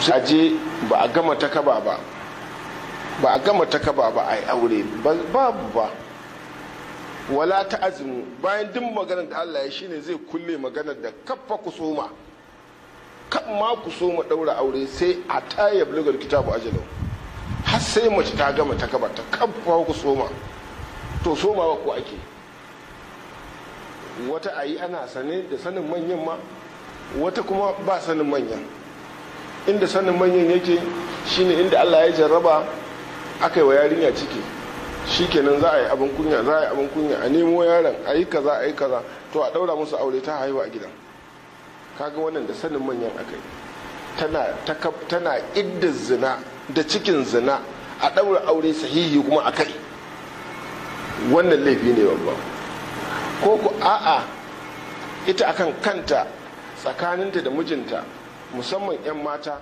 a je ba a gama ta kaba ba ba a gama ta kaba ba a yi aure babu ba wala ta azumi bayan duk maganar da Allah ya shine zai kulle maganar da kafa kusoma kan ma kusoma daura aure sai a ta ya bulgar kitabu jalo har sai mace ta gama ta kaba ta kafa kusoma to soma ko ake wata ayi ana sane da sanin manyan ma wata kuma ba sanin manyan inda sanin manyan yake shine inda Allah ya jarraba aka yi wa yarinya ciki shi kenan za a yi abin kunya za a yi abin kunya a nemo yaron a yi kaza a yi kaza to a daura musu aure ta haihuwa a gidan kaga wannan da sanin manyan aka yi tana tana idda zina da cikin zina a daura aure sahihi kuma a kai wannan laifi ne babba ko ku a'a ita akan kanta tsakaninta da mijinta musamman 'yan mata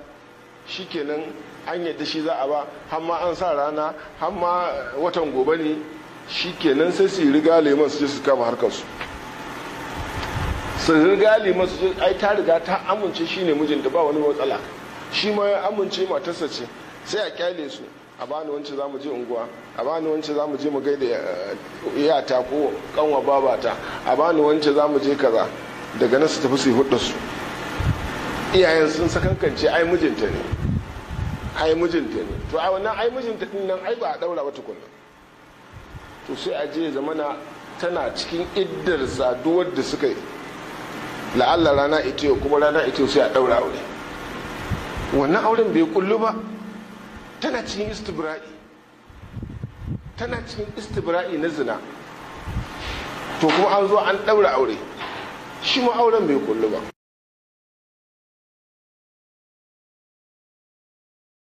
shikenan an yadda shi za a ba har ma an sa rana har ma watan gobe ne shikenan sai su riga leman su je su kama harkarsu su riga leman su ai ta riga ta amince shi ne mijinta ba wani matsala shi ma ya amince matarsa ce sai a kyale su a bani wancan za mu je unguwa a bani wancan za mu je mu gaida eh, iyata ko kanwa babata a bani wancan za mu je kaza daga nan su tafi su yi hudu su iyayen sun sakankance ai mijinta ne ai mijinta ne to a wannan ai mijinta din nan ai ba a daura ba tukunna to sai a je zamana tana cikin iddar saduwar da suka yi la'alla rana ita yau kuma rana ita sai a daura aure wannan auren bai kullu ba tana cikin istibra'i tana cikin istibra'i na zina to kuma an zo an daura aure shi ma auren bai kullu ba